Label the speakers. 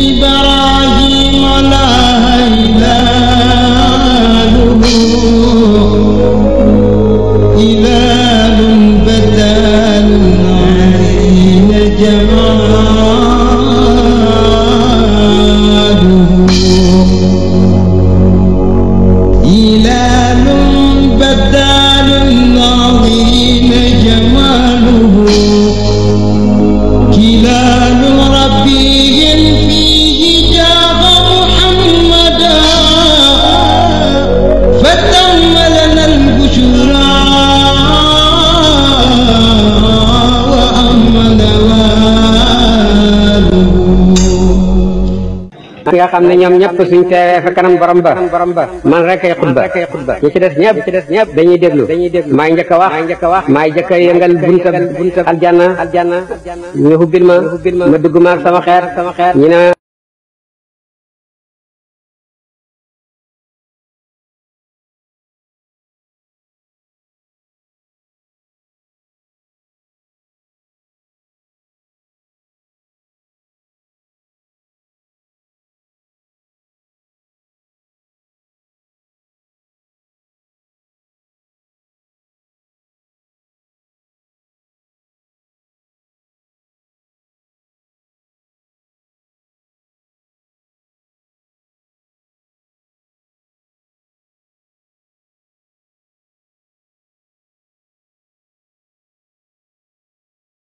Speaker 1: إبراهيم لا إله إله بدل عين جماله
Speaker 2: إله بدل
Speaker 3: nga xam ne ñoom ñëpp suñ teewee fa kanam borom ba man rek ay xutba ñi ci des ñëpp dañuy déglu maay njëkk a wax maay njëkk a yëngal bunta aljanna ñu hubbil ma ma sama xeer
Speaker 4: ñu